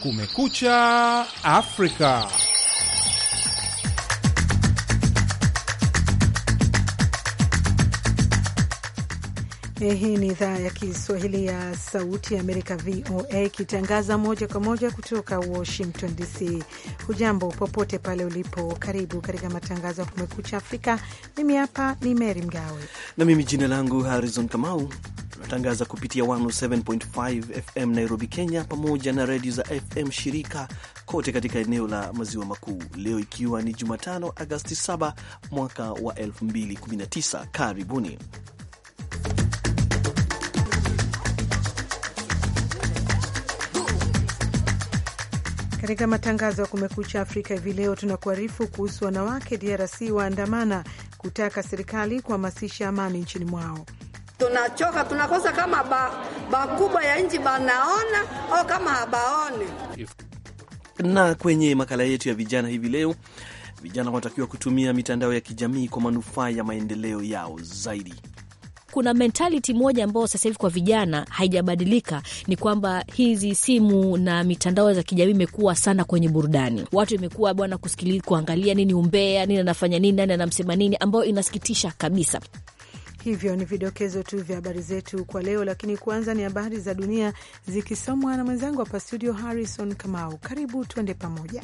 Kumekucha Afrika. Eh, hii ni idhaa ya Kiswahili ya Sauti ya Amerika, VOA, ikitangaza moja kwa moja kutoka Washington DC. Hujambo popote pale ulipo, karibu katika matangazo ya Kumekucha Afrika. Mimi hapa ni Mary Mgawe na mimi jina langu Harrison Kamau. Tunatangaza kupitia 107.5 FM Nairobi, Kenya, pamoja na redio za FM shirika kote katika eneo la maziwa makuu. Leo ikiwa ni Jumatano, Agasti 7 mwaka wa 2019. Karibuni. Katika matangazo ya Kumekucha Afrika hivi leo, tunakuarifu kuhusu wanawake DRC waandamana kutaka serikali kuhamasisha amani nchini mwao. Tunachoka, tunakosa kama bakubwa ba ya nchi banaona au kama habaone. Na kwenye makala yetu ya vijana hivi leo, vijana wanatakiwa kutumia mitandao ya kijamii kwa manufaa ya maendeleo yao zaidi kuna mentality moja ambayo sasa hivi kwa vijana haijabadilika, ni kwamba hizi simu na mitandao za kijamii imekuwa sana kwenye burudani. Watu imekuwa bwana kusikiliza, kuangalia nini umbea, nini anafanya nini, nani anamsema nini, ambayo inasikitisha kabisa. Hivyo ni vidokezo tu vya habari zetu kwa leo, lakini kwanza ni habari za dunia zikisomwa na mwenzangu hapa studio Harrison Kamau. Karibu tuende pamoja.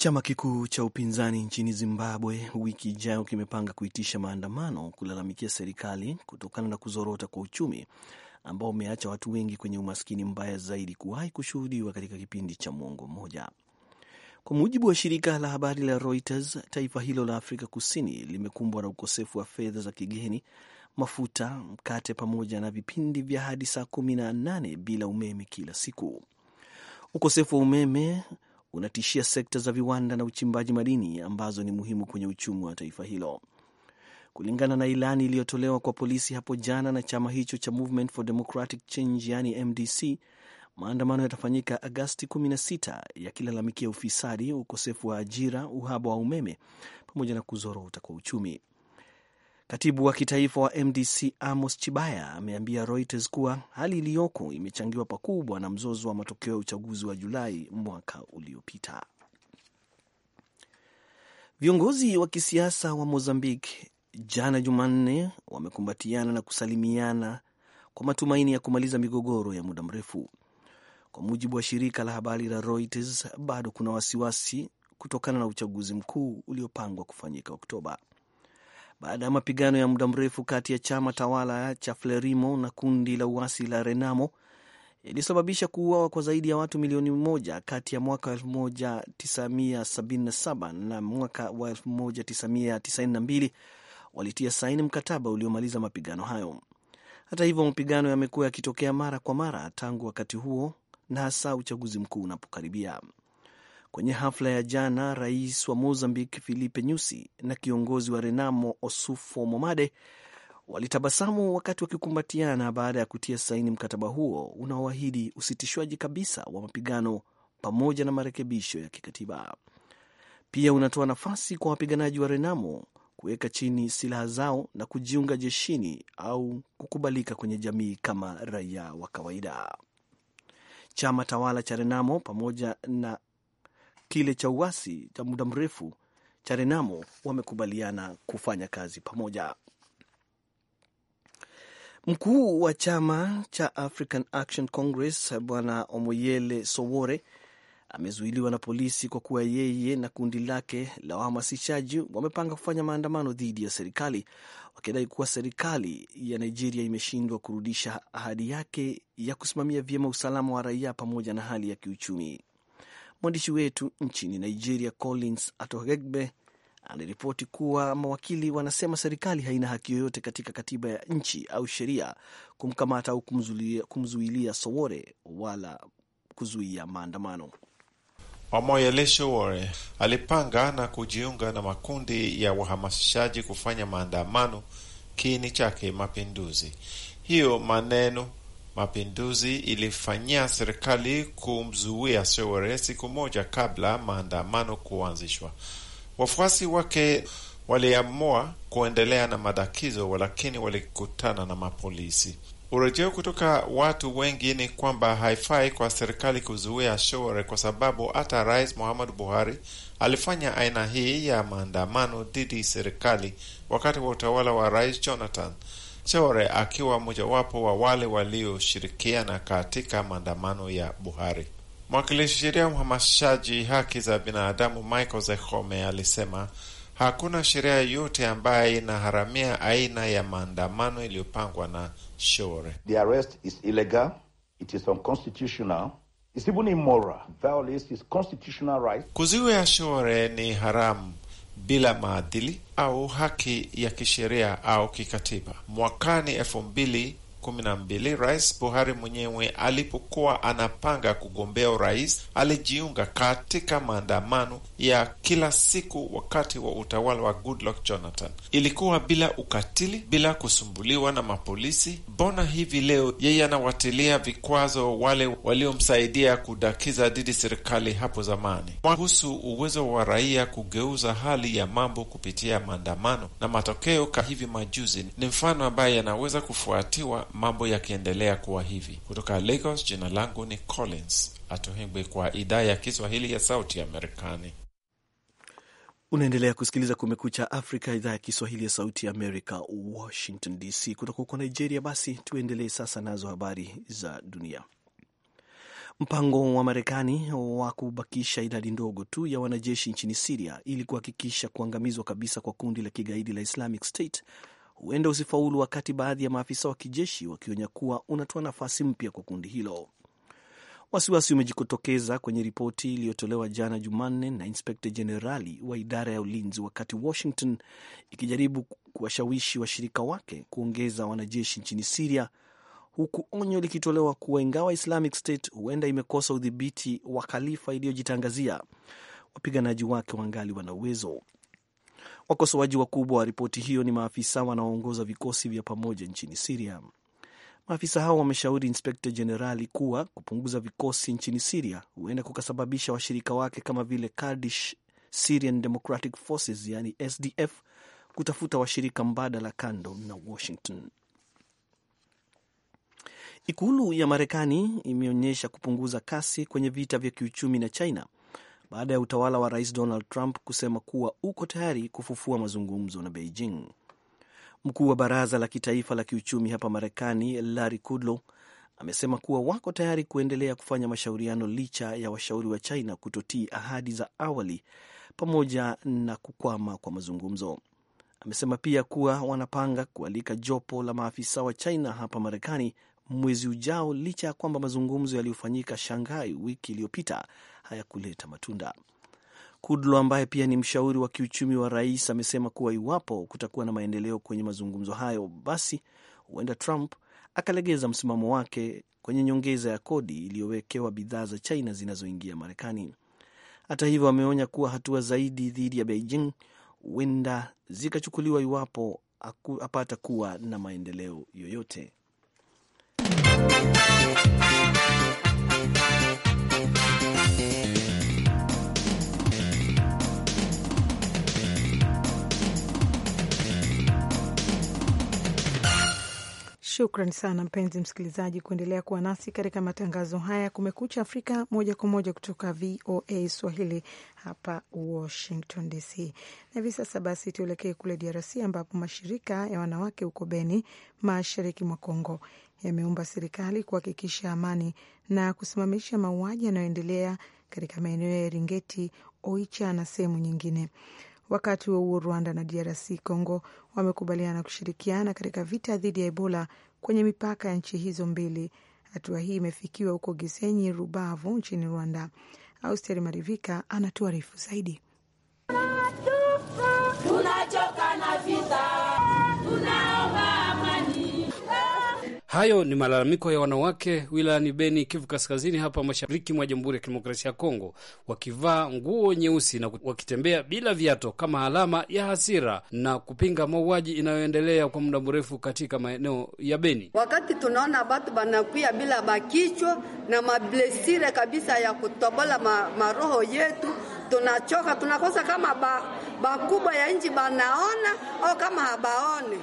Chama kikuu cha upinzani nchini Zimbabwe wiki ijayo kimepanga kuitisha maandamano kulalamikia serikali kutokana na kuzorota kwa uchumi ambao umeacha watu wengi kwenye umaskini mbaya zaidi kuwahi kushuhudiwa katika kipindi cha mwongo mmoja. Kwa mujibu wa shirika la habari la Reuters, taifa hilo la Afrika Kusini limekumbwa na ukosefu wa fedha za kigeni, mafuta, mkate pamoja na vipindi vya hadi saa kumi na nane bila umeme kila siku. Ukosefu wa umeme unatishia sekta za viwanda na uchimbaji madini ambazo ni muhimu kwenye uchumi wa taifa hilo. Kulingana na ilani iliyotolewa kwa polisi hapo jana na chama hicho cha Movement for Democratic Change, yani MDC, maandamano yatafanyika Agasti 16 yakilalamikia ufisadi, ukosefu wa ajira, uhaba wa umeme pamoja na kuzorota kwa uchumi. Katibu wa kitaifa wa MDC Amos Chibaya ameambia Reuters kuwa hali iliyoko imechangiwa pakubwa na mzozo wa matokeo ya uchaguzi wa Julai mwaka uliopita. Viongozi wa kisiasa wa Mozambique jana Jumanne wamekumbatiana na kusalimiana kwa matumaini ya kumaliza migogoro ya muda mrefu. Kwa mujibu wa shirika la habari la Reuters, bado kuna wasiwasi kutokana na uchaguzi mkuu uliopangwa kufanyika Oktoba baada ya mapigano ya muda mrefu kati ya chama tawala cha Frelimo na kundi la uasi la Renamo ilisababisha kuuawa kwa zaidi ya watu milioni moja kati ya mwaka 1977 na mwaka wa 1992 walitia saini mkataba uliomaliza mapigano hayo. Hata hivyo, mapigano yamekuwa yakitokea mara kwa mara tangu wakati huo na hasa uchaguzi mkuu unapokaribia. Kwenye hafla ya jana, rais wa Mozambique Filipe Nyusi na kiongozi wa Renamo Osufo Momade walitabasamu wakati wakikumbatiana baada ya kutia saini mkataba huo unaoahidi usitishwaji kabisa wa mapigano pamoja na marekebisho ya kikatiba. Pia unatoa nafasi kwa wapiganaji wa Renamo kuweka chini silaha zao na kujiunga jeshini au kukubalika kwenye jamii kama raia wa kawaida. Chama tawala cha Renamo pamoja na kile cha uasi cha muda mrefu cha Renamo wamekubaliana kufanya kazi pamoja. Mkuu wa chama cha African Action Congress Bwana Omoyele Sowore amezuiliwa na polisi kwa kuwa yeye na kundi lake la wahamasishaji wamepanga kufanya maandamano dhidi ya serikali wakidai kuwa serikali ya Nigeria imeshindwa kurudisha ahadi yake ya kusimamia vyema usalama wa raia pamoja na hali ya kiuchumi. Mwandishi wetu nchini Nigeria, Collins Atohegbe, aliripoti kuwa mawakili wanasema serikali haina haki yoyote katika katiba ya nchi au sheria kumkamata au kumzuilia, kumzuilia Sowore wala kuzuia maandamano. Omoyele Sowore alipanga na kujiunga na makundi ya wahamasishaji kufanya maandamano kiini chake mapinduzi. Hiyo maneno Mapinduzi ilifanyia serikali kumzuia Sowore siku moja kabla maandamano kuanzishwa. Wafuasi wake waliamua kuendelea na madakizo, lakini walikutana na mapolisi. Urejeo kutoka watu wengi ni kwamba haifai kwa serikali kuzuia Sowore kwa sababu hata Rais Muhammadu Buhari alifanya aina hii ya maandamano dhidi serikali wakati wa utawala wa Rais Jonathan. Chore akiwa mojawapo wa wale walioshirikiana katika maandamano ya Buhari. Mwakilishi sheria mhamasishaji haki za binadamu Michael Zehome alisema hakuna sheria yoyote ambayo inaharamia aina ya maandamano iliyopangwa na Shore. The arrest is illegal, it is unconstitutional, it's even immoral, violates his constitutional rights. Shore ni haramu bila maadili au haki ya kisheria au kikatiba. Mwakani elfu mbili kumi na mbili Rais Buhari mwenyewe alipokuwa anapanga kugombea urais alijiunga katika maandamano ya kila siku wakati wa utawala wa Goodluck Jonathan. Ilikuwa bila ukatili, bila kusumbuliwa na mapolisi. Mbona hivi leo yeye anawatilia vikwazo wale waliomsaidia kudakiza dhidi serikali hapo zamani? Kuhusu uwezo wa raia kugeuza hali ya mambo kupitia maandamano, na matokeo ka hivi majuzi ni mfano ambaye yanaweza kufuatiwa mambo yakiendelea kuwa hivi. Kutoka Lagos, jina langu ni Collins Atohegwe kwa idhaa ya Kiswahili ya Sauti ya Marekani. Unaendelea kusikiliza Kumekucha Afrika, idhaa ya Kiswahili ya Sauti ya Amerika, Washington DC. Kutoka huko Nigeria, basi tuendelee sasa nazo habari za dunia. Mpango wa Marekani wa kubakisha idadi ndogo tu ya wanajeshi nchini Siria ili kuhakikisha kuangamizwa kabisa kwa kundi la kigaidi la Islamic State huenda usifaulu, wakati baadhi ya maafisa wa kijeshi wakionya kuwa unatoa nafasi mpya kwa kundi hilo. Wasiwasi umejitokeza kwenye ripoti iliyotolewa jana Jumanne na inspekta jenerali wa idara ya ulinzi, wakati Washington ikijaribu kuwashawishi washirika wake kuongeza wanajeshi nchini Siria, huku onyo likitolewa kuwa ingawa Islamic State huenda imekosa udhibiti wa Khalifa iliyojitangazia, wapiganaji wake wangali wana uwezo. Wakosoaji wakubwa wa ripoti hiyo ni maafisa wanaoongoza vikosi vya pamoja nchini Siria. Maafisa hao wameshauri inspekta jenerali kuwa kupunguza vikosi nchini Siria huenda kukasababisha washirika wake kama vile Kurdish Syrian Democratic Forces yani SDF kutafuta washirika mbadala kando na Washington. Ikulu ya Marekani imeonyesha kupunguza kasi kwenye vita vya kiuchumi na China baada ya utawala wa Rais Donald Trump kusema kuwa uko tayari kufufua mazungumzo na Beijing. Mkuu wa Baraza la Kitaifa la Kiuchumi hapa Marekani, Larry Kudlow, amesema kuwa wako tayari kuendelea kufanya mashauriano licha ya washauri wa China kutotii ahadi za awali pamoja na kukwama kwa mazungumzo. Amesema pia kuwa wanapanga kualika jopo la maafisa wa China hapa Marekani mwezi ujao licha ya kwamba mazungumzo yaliyofanyika Shanghai wiki iliyopita hayakuleta matunda. Kudlo ambaye pia ni mshauri wa kiuchumi wa rais amesema kuwa iwapo kutakuwa na maendeleo kwenye mazungumzo hayo, basi huenda Trump akalegeza msimamo wake kwenye nyongeza ya kodi iliyowekewa bidhaa za China zinazoingia Marekani. Hata hivyo, ameonya kuwa hatua zaidi dhidi ya Beijing huenda zikachukuliwa iwapo apata kuwa na maendeleo yoyote. Shukran sana mpenzi msikilizaji, kuendelea kuwa nasi katika matangazo haya Kumekucha Afrika moja kwa moja kutoka VOA Swahili hapa Washington DC. Na hivi sasa basi tuelekee kule DRC ambapo mashirika ya wanawake huko Beni, mashariki mwa Congo, yameomba serikali kuhakikisha amani na kusimamisha mauaji yanayoendelea katika maeneo ya Eringeti, Oicha na sehemu nyingine. Wakati huo huo, Rwanda na DRC Congo wamekubaliana kushirikiana katika vita dhidi ya Ebola kwenye mipaka ya nchi hizo mbili. Hatua hii imefikiwa huko Gisenyi, Rubavu nchini Rwanda. Austeri Marivika anatuarifu zaidi. Tunachoka na vita Hayo ni malalamiko ya wanawake wilayani Beni, Kivu Kaskazini, hapa mashariki mwa Jamhuri ya Kidemokrasia ya Kongo, wakivaa nguo nyeusi na wakitembea bila viato kama alama ya hasira na kupinga mauaji inayoendelea kwa muda mrefu katika maeneo ya Beni. Wakati tunaona batu banakuya bila bakichwa na mablesire kabisa ya kutobola maroho yetu tunachoka, tunakosa kama ba, bakubwa ya nchi banaona au kama habaone.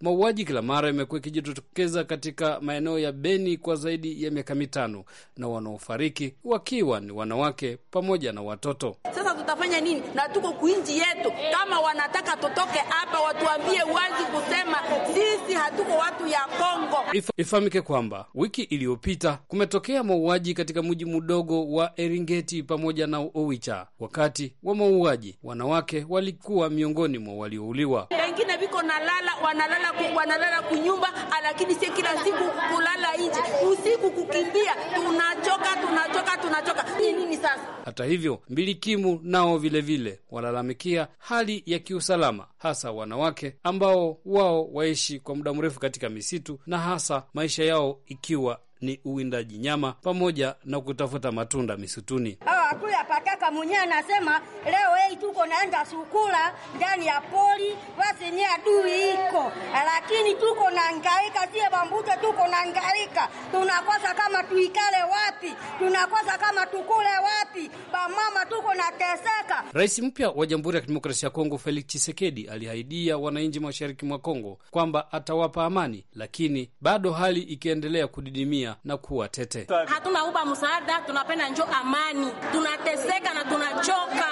Mauaji kila mara imekuwa ikijitokeza katika maeneo ya Beni kwa zaidi ya miaka mitano, na wanaofariki wakiwa ni wanawake pamoja na watoto. Sasa tutafanya nini? Na tuko kuinji yetu, kama wanataka tutoke hapa, watuambie wazi kusema sisi na tuko watu ya Kongo. Ifahamike kwamba wiki iliyopita kumetokea mauaji katika mji mdogo wa Eringeti pamoja na Owicha. Wakati wa mauaji, wanawake walikuwa miongoni mwa waliouliwa. Wengine viko nalala, wanalala ku, wanalala kunyumba, lakini si kila siku kulala nje usiku kukimbia. Tunachoka, tunachoka, tunachoka. Ni nini sasa? Hata hivyo, mbilikimu nao vilevile vile walalamikia hali ya kiusalama hasa wanawake ambao wao waishi kwa muda mrefu katika misitu na hasa maisha yao ikiwa ni uwindaji nyama pamoja na kutafuta matunda misutuni. Akuya pataka mwenye anasema leo hei, tuko naenda sukula ndani ya poli basi nye adui iko, lakini tuko na ngaika sie bambute, tuko na ngaika, tunakosa kama tuikale wapi, tunakosa kama tukule wapi, bamama tuko na teseka. Rais mpya wa Jamhuri ya Kidemokrasia ya Kongo Felix Tshisekedi alihaidia wananchi mashariki mwa Kongo kwamba atawapa amani, lakini bado hali ikiendelea kudidimia Kenya na kuwa tete. Hatuna uba msaada, tunapenda njo amani, tunateseka na tunachoka.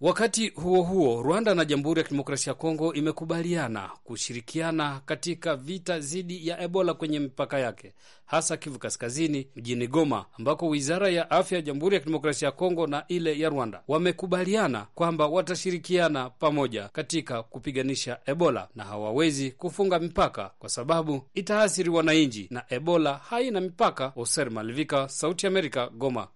Wakati huo huo, Rwanda na Jamhuri ya Kidemokrasia ya Kongo imekubaliana kushirikiana katika vita dhidi ya Ebola kwenye mipaka yake, hasa Kivu Kaskazini, mjini Goma, ambako wizara ya afya ya Jamhuri ya Kidemokrasia ya Kongo na ile ya Rwanda wamekubaliana kwamba watashirikiana pamoja katika kupiganisha Ebola na hawawezi kufunga mipaka kwa sababu itaathiri wananchi na Ebola haina mipaka. Oser Malivika, Sauti Amerika, Goma.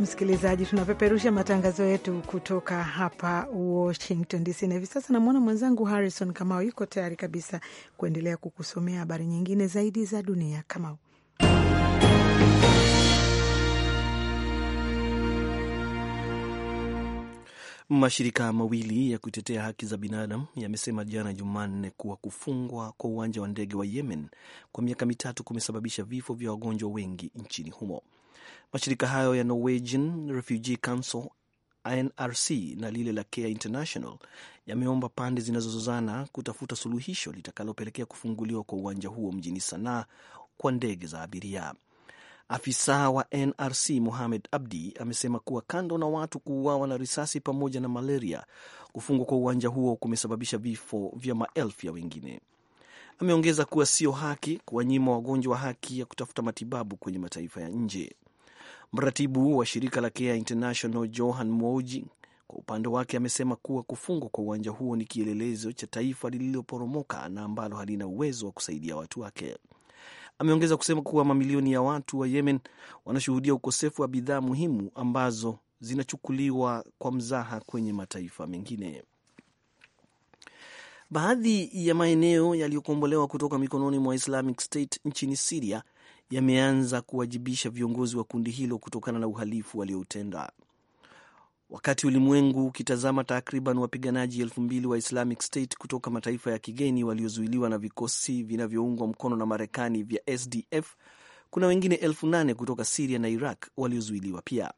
Msikilizaji, tunapeperusha matangazo yetu kutoka hapa Washington DC, na hivi sasa namwona mwenzangu Harrison Kamau yuko tayari kabisa kuendelea kukusomea habari nyingine zaidi za dunia. Kamau. Mashirika mawili ya kutetea haki za binadamu yamesema jana Jumanne kuwa kufungwa kwa uwanja wa ndege wa Yemen kwa miaka mitatu kumesababisha vifo vya wagonjwa wengi nchini humo. Mashirika hayo ya Norwegian Refugee Council NRC na lile la Care International yameomba pande zinazozozana kutafuta suluhisho litakalopelekea kufunguliwa kwa uwanja huo mjini Sanaa kwa ndege za abiria. Afisa wa NRC Mohamed Abdi amesema kuwa kando na watu kuuawa na risasi pamoja na malaria, kufungwa kwa uwanja huo kumesababisha vifo vya maelfu ya wengine. Ameongeza kuwa sio haki kuwanyima wagonjwa haki ya kutafuta matibabu kwenye mataifa ya nje. Mratibu wa shirika la Care International Johan moji kwa upande wake amesema kuwa kufungwa kwa uwanja huo ni kielelezo cha taifa lililoporomoka na ambalo halina uwezo wa kusaidia watu wake. Ameongeza kusema kuwa mamilioni ya watu wa Yemen wanashuhudia ukosefu wa bidhaa muhimu ambazo zinachukuliwa kwa mzaha kwenye mataifa mengine. Baadhi ya maeneo yaliyokombolewa kutoka mikononi mwa Islamic State nchini Siria yameanza kuwajibisha viongozi wa kundi hilo kutokana na uhalifu walioutenda. Wakati ulimwengu ukitazama takriban wapiganaji elfu mbili wa Islamic State kutoka mataifa ya kigeni waliozuiliwa na vikosi vinavyoungwa mkono na Marekani vya SDF, kuna wengine elfu nane kutoka Siria na Iraq waliozuiliwa pia.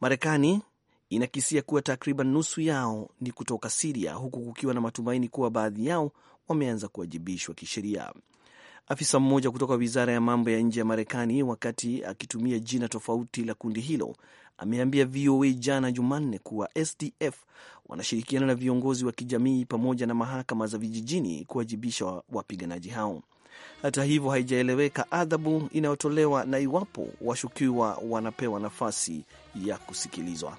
Marekani inakisia kuwa takriban nusu yao ni kutoka Siria, huku kukiwa na matumaini kuwa baadhi yao wameanza kuwajibishwa kisheria afisa mmoja kutoka wizara ya mambo ya nje ya Marekani, wakati akitumia jina tofauti la kundi hilo, ameambia VOA jana Jumanne kuwa SDF wanashirikiana na viongozi wa kijamii pamoja na mahakama za vijijini kuwajibisha wapiganaji hao. Hata hivyo, haijaeleweka adhabu inayotolewa na iwapo washukiwa wanapewa nafasi ya kusikilizwa.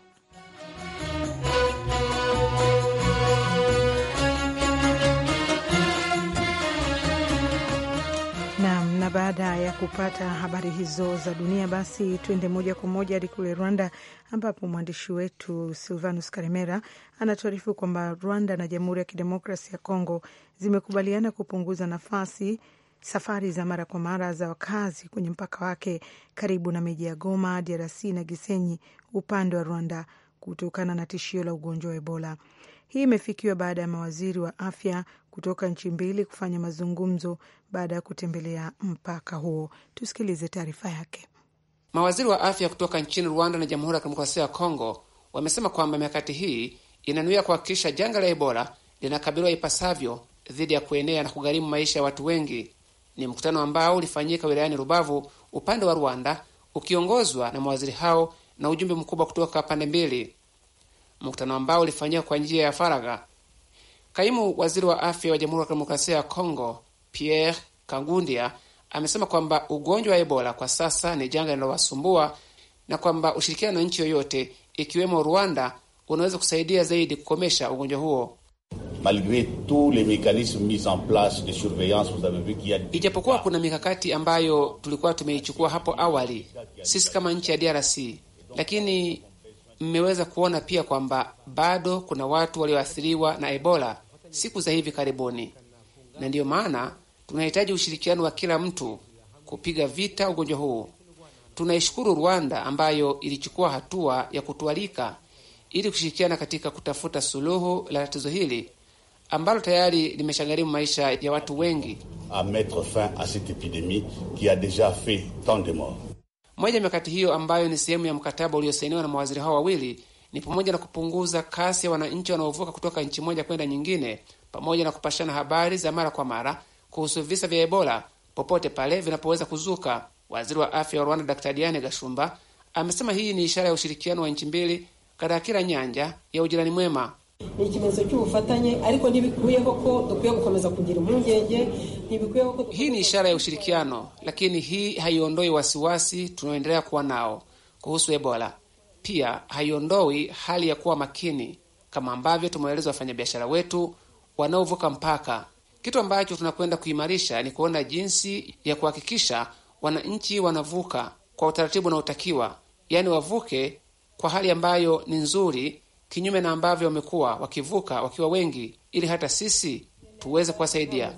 na baada ya kupata habari hizo za dunia, basi tuende moja kwa moja hadi kule Rwanda, ambapo mwandishi wetu Silvanus Karimera anatuarifu kwamba Rwanda na Jamhuri ya Kidemokrasi ya Kongo zimekubaliana kupunguza nafasi safari za mara kwa mara za wakazi kwenye mpaka wake karibu na miji ya Goma, DRC na Gisenyi upande wa Rwanda kutokana na tishio la ugonjwa wa Ebola. Hii imefikiwa baada ya mawaziri wa afya kutoka nchi mbili kufanya mazungumzo baada ya kutembelea mpaka huo. Tusikilize taarifa yake. Mawaziri wa afya kutoka nchini Rwanda na Jamhuri ya Kidemokrasia ya Kongo wamesema kwamba mikakati hii inanuia kuhakikisha janga la Ebola linakabiliwa ipasavyo dhidi ya kuenea na kugharimu maisha ya watu wengi. Ni mkutano ambao ulifanyika wilayani Rubavu upande wa Rwanda, ukiongozwa na mawaziri hao na ujumbe mkubwa kutoka pande mbili mkutano ambao ulifanyika kwa njia ya faragha. Kaimu waziri wa afya wa Jamhuri ya Kidemokrasia ya Kongo Pierre Kangundia amesema kwamba ugonjwa wa Ebola kwa sasa ni janga linalowasumbua na kwamba ushirikiano na nchi yoyote ikiwemo Rwanda unaweza kusaidia zaidi kukomesha ugonjwa huo. Ijapokuwa kuna mikakati ambayo tulikuwa tumeichukua hapo awali sisi kama nchi ya DRC, lakini mmeweza kuona pia kwamba bado kuna watu walioathiriwa na Ebola siku za hivi karibuni, na ndiyo maana tunahitaji ushirikiano wa kila mtu kupiga vita ugonjwa huu. Tunaishukuru Rwanda ambayo ilichukua hatua ya kutualika ili kushirikiana katika kutafuta suluhu la tatizo hili ambalo tayari limeshagharimu maisha ya watu wengi. A mettre fin a cette epidemie qui a deja fait tant de morts. Moja ya mikakati hiyo ambayo ni sehemu ya mkataba uliosainiwa na mawaziri hao wawili ni pamoja na kupunguza kasi ya wananchi wanaovuka kutoka nchi moja kwenda nyingine, pamoja na kupashana habari za mara kwa mara kuhusu visa vya Ebola popote pale vinapoweza kuzuka. Waziri wa afya wa Rwanda Dr Diane Gashumba amesema hii ni ishara ya ushirikiano wa nchi mbili katika kila nyanja ya ujirani mwema ni ikimenyetso cy'ubufatanye ariko ntibikwiye ko dukwiye gukomeza kugira impungenge ntibikwiye ko... Hii ni ishara ya ushirikiano, lakini hii haiondoi wasiwasi tunaoendelea kuwa nao kuhusu Ebola. Pia haiondoi hali ya kuwa makini, kama ambavyo tumewaeleza wafanyabiashara wetu wanaovuka mpaka. Kitu ambacho tunakwenda kuimarisha ni kuona jinsi ya kuhakikisha wananchi wanavuka kwa utaratibu unaotakiwa, yaani wavuke kwa hali ambayo ni nzuri kinyume na ambavyo wamekuwa wakivuka wakiwa wengi, ili hata sisi tuweze kuwasaidia.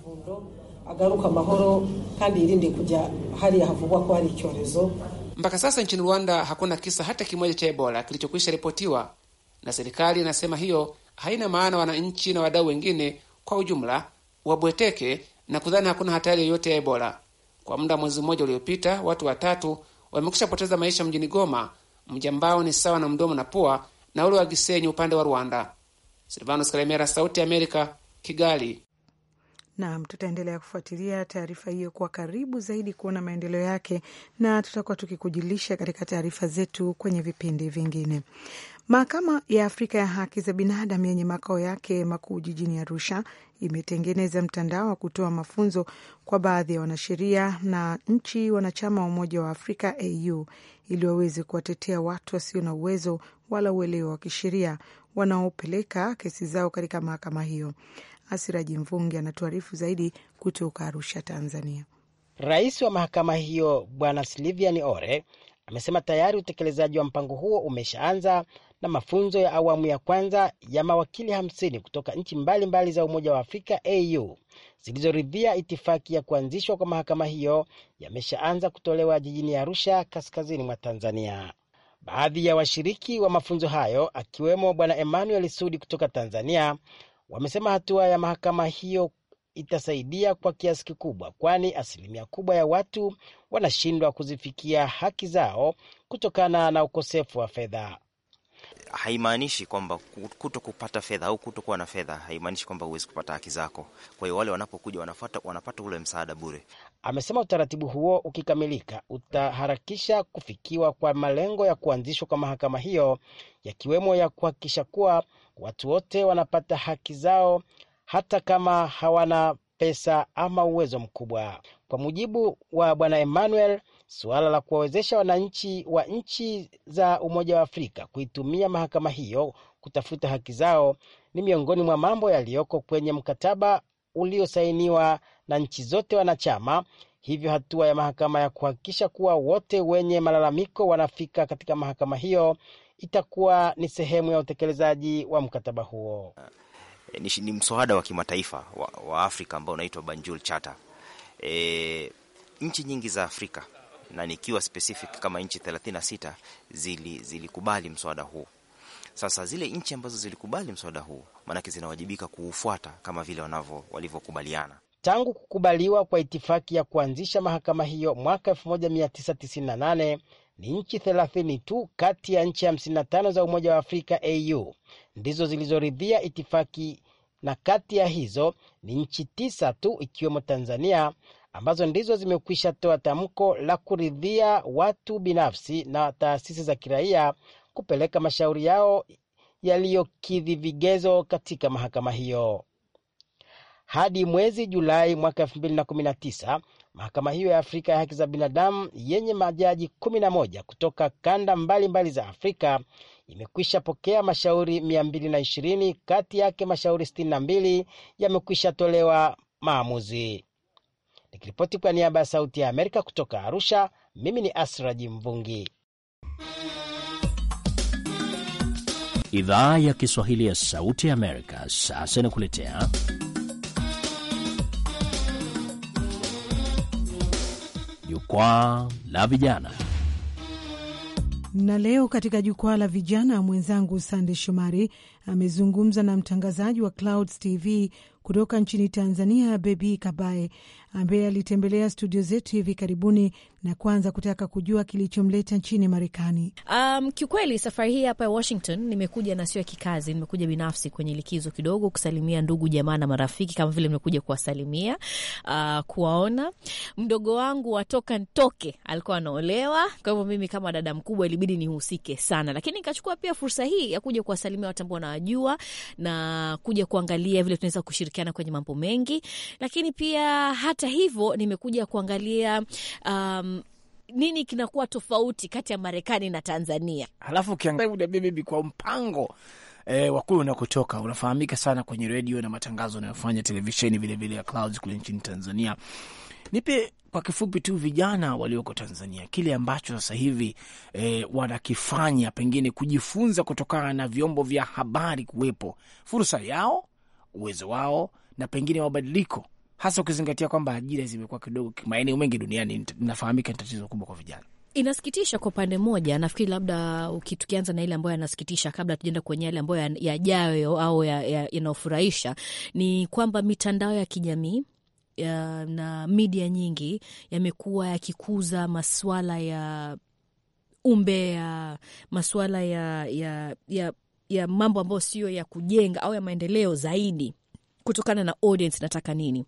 Mpaka sasa nchini Rwanda hakuna kisa hata kimoja cha Ebola kilichokwisha ripotiwa, na serikali inasema hiyo haina maana wananchi na wadau wengine kwa ujumla wabweteke na kudhani hakuna hatari yoyote ya Ebola. Kwa muda mwezi mmoja uliopita, watu watatu wamekwisha poteza maisha mjini Goma, mji ambao ni sawa na mdomo na pua na ule wa Gisenyi upande wa Rwanda. Silvanos Kalemera, Sauti ya Amerika, Kigali. Naam, tutaendelea kufuatilia taarifa hiyo kwa karibu zaidi kuona maendeleo yake, na tutakuwa tukikujulisha katika taarifa zetu kwenye vipindi vingine. Mahakama ya Afrika ya Haki za Binadamu yenye makao yake makuu jijini Arusha imetengeneza mtandao wa kutoa mafunzo kwa baadhi ya wanasheria na nchi wanachama wa Umoja wa Afrika au ili waweze kuwatetea watu wasio na uwezo wala uelewa wa kisheria wanaopeleka kesi zao katika mahakama hiyo. Asira Jimvungi anatuarifu zaidi kutoka Arusha, Tanzania. Rais wa mahakama hiyo Bwana slivian Ore amesema tayari utekelezaji wa mpango huo umeshaanza na mafunzo ya awamu ya kwanza ya mawakili hamsini kutoka nchi mbalimbali za Umoja wa Afrika au zilizoridhia itifaki ya kuanzishwa kwa mahakama hiyo yameshaanza kutolewa jijini Arusha, kaskazini mwa Tanzania. Baadhi ya washiriki wa mafunzo hayo akiwemo Bwana Emmanuel Sudi kutoka Tanzania wamesema hatua ya mahakama hiyo itasaidia kwa kiasi kikubwa, kwani asilimia kubwa ya watu wanashindwa kuzifikia haki zao kutokana na ukosefu wa fedha haimaanishi kwamba kuto kupata fedha au kuto kuwa na fedha haimaanishi kwamba huwezi kupata haki zako. Kwa hiyo wale wanapokuja wanafata, wanapata ule msaada bure. Amesema utaratibu huo ukikamilika utaharakisha kufikiwa kwa malengo ya kuanzishwa kwa mahakama hiyo, yakiwemo ya kuhakikisha kuwa watu wote wanapata haki zao hata kama hawana pesa ama uwezo mkubwa. Kwa mujibu wa Bwana Emmanuel Suala la kuwawezesha wananchi wa nchi za Umoja wa Afrika kuitumia mahakama hiyo kutafuta haki zao ni miongoni mwa mambo yaliyoko kwenye mkataba uliosainiwa na nchi zote wanachama. Hivyo hatua ya mahakama ya kuhakikisha kuwa wote wenye malalamiko wanafika katika mahakama hiyo itakuwa ni sehemu ya utekelezaji wa mkataba huo. Eh, ni, ni mswada wa kimataifa wa, wa Afrika ambao unaitwa Banjul Charter. E, nchi nyingi za Afrika na nikiwa specific kama nchi 36 zili zilikubali mswada huu. Sasa zile nchi ambazo zilikubali mswada huu, maanake zinawajibika kuufuata kama vile wanavyo walivyokubaliana. Tangu kukubaliwa kwa itifaki ya kuanzisha mahakama hiyo mwaka 1998 ni nchi 30 tu kati ya nchi 55 za Umoja wa Afrika AU ndizo zilizoridhia itifaki, na kati ya hizo ni nchi tisa tu ikiwemo Tanzania ambazo ndizo zimekwisha toa tamko la kuridhia watu binafsi na taasisi za kiraia kupeleka mashauri yao yaliyokidhi vigezo katika mahakama hiyo. Hadi mwezi Julai mwaka 2019 mahakama hiyo ya Afrika ya haki za binadamu yenye majaji 11 kutoka kanda mbalimbali mbali za Afrika imekwisha pokea mashauri 220, kati yake mashauri 62 yamekwisha tolewa maamuzi. Nikiripoti kwa niaba ya Sauti ya Amerika kutoka Arusha, mimi ni Asraji Mvungi. Idhaa ya Kiswahili ya Sauti ya Amerika sasa inakuletea Jukwaa la Vijana. Na leo katika Jukwaa la Vijana, mwenzangu Sande Shomari amezungumza na mtangazaji wa Clouds TV kutoka nchini Tanzania, Bebi Kabae, ambaye alitembelea studio zetu hivi karibuni na kwanza kutaka kujua kilichomleta nchini Marekani. Um, kiukweli safari hii hapa Washington nimekuja na sio ya kikazi, nimekuja binafsi kwenye likizo kidogo, kusalimia ndugu jamaa na marafiki, kama vile nimekuja kuwasalimia, uh, kuwaona. Mdogo wangu watoka ntoke alikuwa anaolewa, kwa hivyo mimi kama dada mkubwa ilibidi nihusike sana, lakini nikachukua pia fursa hii ya kuja kuwasalimia watu ambao nawajua na kuja kuangalia vile tunaweza kushirikiana kwenye mambo mengi, lakini pia hata hata hivyo nimekuja kuangalia um, nini kinakuwa tofauti kati ya Marekani na Tanzania. Halafu ukiangalia bibi e kwa mpango E, eh, wakule unakotoka unafahamika sana kwenye redio na matangazo unayofanya televisheni vilevile ya Clouds kule nchini Tanzania. Nipe kwa kifupi tu vijana walioko Tanzania kile ambacho sasa hivi e, wanakifanya pengine kujifunza kutokana na vyombo vya habari kuwepo, fursa yao, uwezo wao na pengine mabadiliko hasa ukizingatia kwamba ajira zimekuwa kidogo, maeneo mengi duniani inafahamika ni tatizo kubwa kwa vijana. Inasikitisha kwa upande mmoja. Nafikiri labda tukianza na ile ambayo yanasikitisha kabla tujenda kwenye yale ambayo yajayo au yanayofurahisha ya, ya ni kwamba mitandao ya kijamii ya, na mdia nyingi yamekuwa yakikuza maswala ya umbea, masuala ya, ya, ya, ya mambo ambayo sio ya kujenga au ya maendeleo zaidi, kutokana na audience nataka nini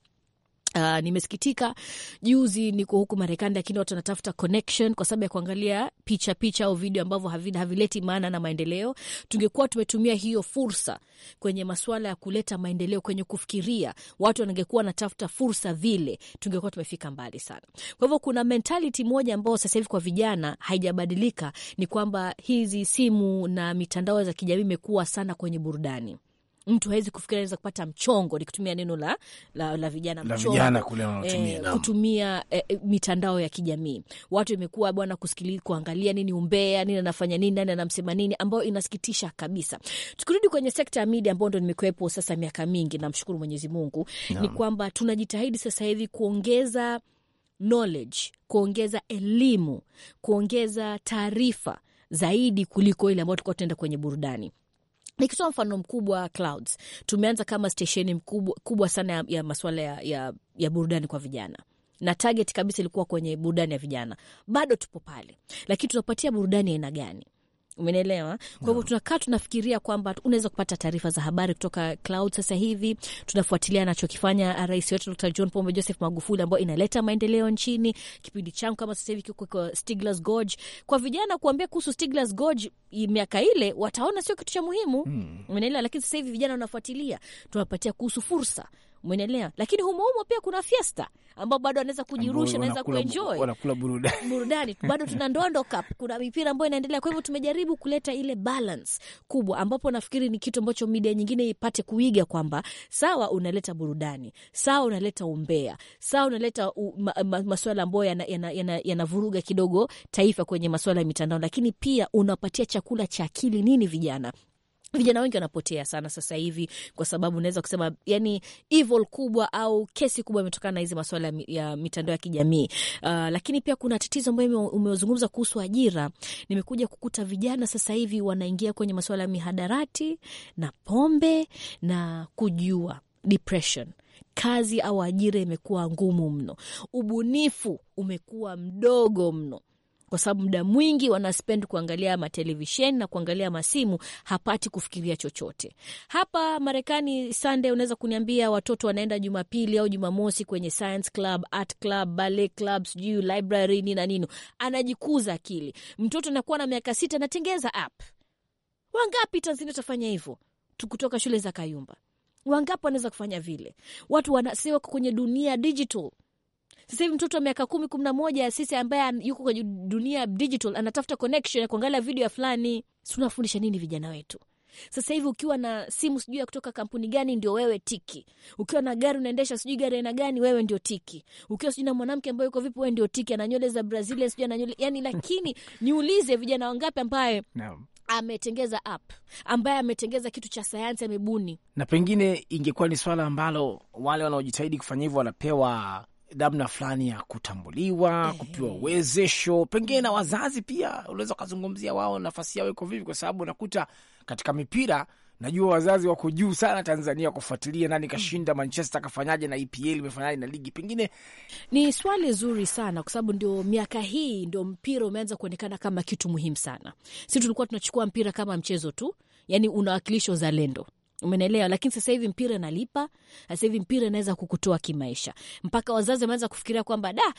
Uh, nimesikitika juzi, niko huku Marekani, lakini watu wanatafuta connection kwa sababu ya kuangalia picha picha au video ambavyo havileti maana na maendeleo. Tungekuwa tumetumia hiyo fursa kwenye masuala ya kuleta maendeleo, kwenye kufikiria, watu wangekuwa wanatafuta fursa vile, tungekuwa tumefika mbali sana. Kwa hivyo kuna mentality moja ambayo sasa hivi kwa vijana haijabadilika, ni kwamba hizi simu na mitandao za kijamii imekuwa sana kwenye burudani mtu hawezi kufikiria anaweza kupata mchongo, nikitumia neno la, la, la vijana la mchongo, vijana kule wanatumia eh, kutumia eh, eh, mitandao ya kijamii. Watu imekuwa bwana kusikili kuangalia nini umbea, nini anafanya nini, nani anamsema nini, ambayo inasikitisha kabisa. Tukirudi kwenye sekta ya media ambayo ndo nimekuwepo sasa miaka mingi, namshukuru Mwenyezi Mungu no. ni kwamba tunajitahidi sasa hivi kuongeza knowledge, kuongeza elimu, kuongeza taarifa zaidi kuliko ile ambayo tulikuwa tunaenda kwenye burudani. Nikitoa mfano mkubwa Clouds, tumeanza kama stesheni mkubwa, kubwa sana ya, ya masuala ya, ya, ya burudani kwa vijana na target kabisa ilikuwa kwenye burudani ya vijana. Bado tupo pale, lakini tunapatia burudani aina gani? Umenielewa? Kwa hivyo tunakaa tunafikiria kwamba unaweza kupata taarifa za habari kutoka cloud. Sasa hivi tunafuatilia anachokifanya uh, rais wetu Dr. John Pombe Joseph Magufuli, ambayo inaleta maendeleo nchini. Kipindi changu kama sasa hivi kiko kwa Stiglas Gorge, kwa vijana kuambia kuhusu Stiglas Gorge, miaka ile wataona sio kitu cha muhimu, hmm. umenielewa? Lakini sasa hivi vijana wanafuatilia, tunapatia kuhusu fursa mwenelea. lakini humohumo pia kuna fiesta ambao bado anaweza kujirusha, anaweza kuenjoy, wanakula burudani, burudani bado tuna ndoando cup, kuna mipira ambayo inaendelea. Kwa hivyo tumejaribu kuleta ile balance kubwa, ambapo nafikiri ni kitu ambacho media nyingine ipate kuiga, kwamba sawa, unaleta burudani, sawa, unaleta umbea, sawa, unaleta ma, ma, masuala ambayo yanavuruga yana, yana, yana kidogo taifa kwenye masuala ya mitandao, lakini pia unapatia chakula cha akili nini vijana vijana wengi wanapotea sana sasa hivi, kwa sababu unaweza kusema yani evil kubwa au kesi kubwa imetokana na hizi masuala ya mitandao ya kijamii. Uh, lakini pia kuna tatizo ambayo umezungumza kuhusu ajira. Nimekuja kukuta vijana sasa hivi wanaingia kwenye masuala ya mihadarati na pombe na kujua depression kazi au ajira imekuwa ngumu mno, ubunifu umekuwa mdogo mno kwa sababu muda mwingi wanaspend kuangalia matelevisheni na kuangalia masimu, hapati kufikiria chochote. Hapa Marekani Sunday, unaweza kuniambia watoto wanaenda Jumapili au Jumamosi kwenye science club, art club, ballet club, sijui library nini na nini, anajikuza akili. Mtoto anakuwa na miaka sita anatengeza app. Wangapi Tanzania tafanya hivyo Tukutoka shule za Kayumba? Wangapi wanaweza kufanya vile? Watu wanasewa kwenye dunia digital sasa hivi mtoto wa miaka kumi kumi na moja sisi ambaye yuko kwenye dunia digital anatafuta connection ya kuangalia video ya fulani, tunafundisha nini vijana wetu? Sasa hivi ukiwa na simu sijui ya kutoka kampuni gani ndio wewe tiki. Ukiwa na gari unaendesha sijui gari aina gani wewe ndio tiki. Ukiwa sijui na mwanamke ambaye yuko vipi wewe ndio tiki, ana nywele za Brazilian sijui ana nywele. yani. lakini niulize vijana wangapi ambaye no ametengeza app ambaye ametengeza kitu cha sayansi amebuni, na pengine ingekuwa ni swala ambalo wale wanaojitahidi kufanya hivyo wanapewa namna fulani ya kutambuliwa, kupewa uwezesho, pengine na wazazi pia. Unaweza ukazungumzia wao nafasi yao iko vipi, kwa sababu unakuta katika mipira najua wazazi wako juu sana Tanzania kufuatilia nani kashinda, mm. Manchester kafanyaje na EPL imefanyaje na ligi. Pengine ni swali zuri sana kwa sababu ndio miaka hii ndio mpira umeanza kuonekana kama kitu muhimu sana. Si tulikuwa tunachukua mpira kama mchezo tu, yani unawakilisha uzalendo Umenelewa? Lakini sasa hivi mpira nalipa, sasa hivi mpira naweza kukutoa kimaisha, mpaka wazazi wameanza kufikiria kwamba da,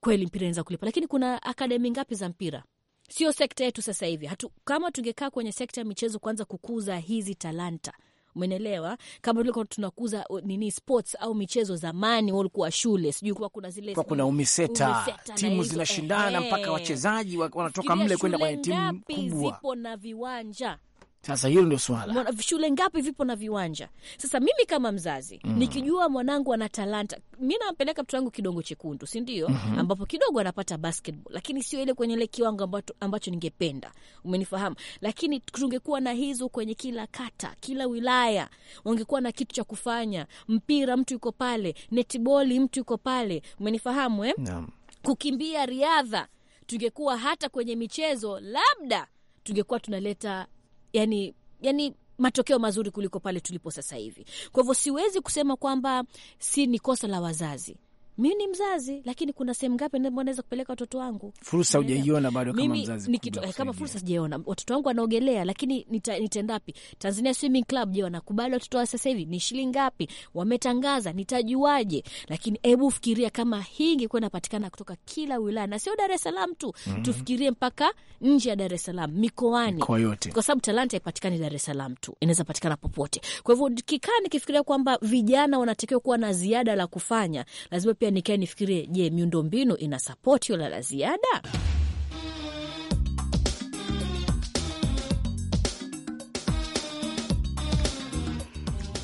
kweli mpira naweza kulipa. Lakini kuna akademi ngapi za mpira? Sio sekta yetu sasa hivi. Hatu, kama tungekaa kwenye sekta ya michezo kuanza kukuza hizi talanta Umenelewa? Kama tulikuwa tunakuza nini sports au michezo zamani, walikuwa shule, sijui kuwa kuna zile kwa kuna umiseta, umiseta timu zinashindana mpaka eh. wachezaji wanatoka mle kwenda kwenye timu kubwa, zipo na viwanja sasa hilo ndio swala, shule ngapi vipo na viwanja? Sasa mimi kama mzazi mm. nikijua mwanangu ana talanta, mi nampeleka mtoto wangu Kidongo Chekundu, si ndio? mm -hmm. ambapo kidogo anapata basketball, lakini sio ile kwenye ile kiwango ambacho, ambacho ningependa, umenifahamu. Lakini tungekuwa na hizo kwenye kila kata, kila wilaya, wangekuwa na kitu cha kufanya. Mpira mtu yuko pale, netiboli mtu yuko pale, umenifahamu eh? yeah. kukimbia riadha, tungekuwa hata kwenye michezo labda tungekuwa tunaleta yani, yani matokeo mazuri kuliko pale tulipo sasa hivi. Kwa hivyo siwezi kusema kwamba si ni kosa la wazazi, mi ni mzazi lakini kuna sehemu ngapi naweza kupeleka watoto wangu? Fursa hujaiona bado kama mzazi, nikitu, kama fursa sijaiona. Watoto wangu wanaogelea, lakini nitaenda wapi? Tanzania Swimming Club, je, wanakubali watoto wa sasa hivi? Ni shilingi ngapi? Wametangaza, nitajuaje? Lakini hebu fikiria kama hii ingekuwa inapatikana kutoka kila wilaya na sio Dar es Salaam tu mm -hmm. Tufikirie mpaka nje ya Dar es Salaam, mikoani, kwa yote, kwa sababu talanta haipatikani Dar es Salaam tu, inaweza patikana popote. Kwa hivyo kikaa nikifikiria kwamba vijana wanatakiwa kuwa na ziada la kufanya, lazima pia nikae nifikirie, je, miundombinu ina sapoti hilo la ziada?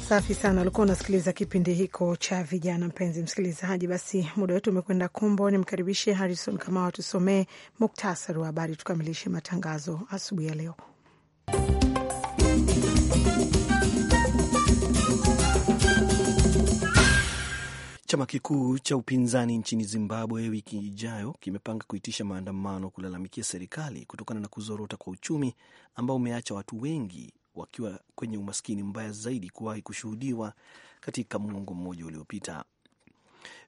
Safi sana, ulikuwa unasikiliza kipindi hiko cha vijana. Mpenzi msikilizaji, basi muda wetu umekwenda kombo. Nimkaribishe Harrison Kamau tusomee muktasari wa habari tukamilishe matangazo asubuhi ya leo. Chama kikuu cha upinzani nchini Zimbabwe wiki ijayo kimepanga kuitisha maandamano kulalamikia serikali kutokana na kuzorota kwa uchumi ambao umeacha watu wengi wakiwa kwenye umaskini mbaya zaidi kuwahi kushuhudiwa katika muongo mmoja uliopita.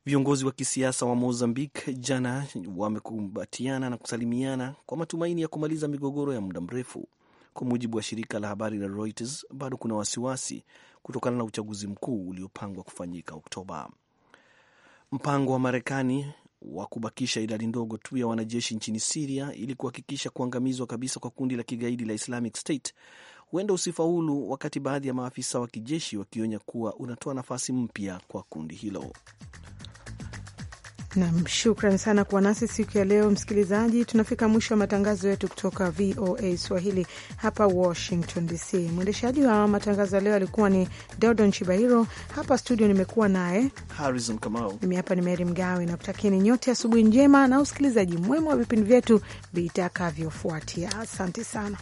Viongozi wa kisiasa wa Mozambique jana wamekumbatiana na kusalimiana kwa matumaini ya kumaliza migogoro ya muda mrefu. Kwa mujibu wa shirika la habari la Reuters, bado kuna wasiwasi kutokana na uchaguzi mkuu uliopangwa kufanyika Oktoba. Mpango wa Marekani wa kubakisha idadi ndogo tu ya wanajeshi nchini Siria ili kuhakikisha kuangamizwa kabisa kwa kundi la kigaidi la Islamic State huenda usifaulu, wakati baadhi ya maafisa wa kijeshi wakionya kuwa unatoa nafasi mpya kwa kundi hilo. Nam, shukran sana kuwa nasi siku ya leo msikilizaji. Tunafika mwisho wa matangazo yetu kutoka VOA Swahili hapa Washington DC. Mwendeshaji wa matangazo ya leo alikuwa ni Dodon Chibahiro. Hapa studio nimekuwa naye Harrison Kamau, mimi hapa ni Meri Mgawe. Nakutakieni nyote asubuhi njema na usikilizaji mwema wa vipindi vyetu vitakavyofuatia. Asante sana.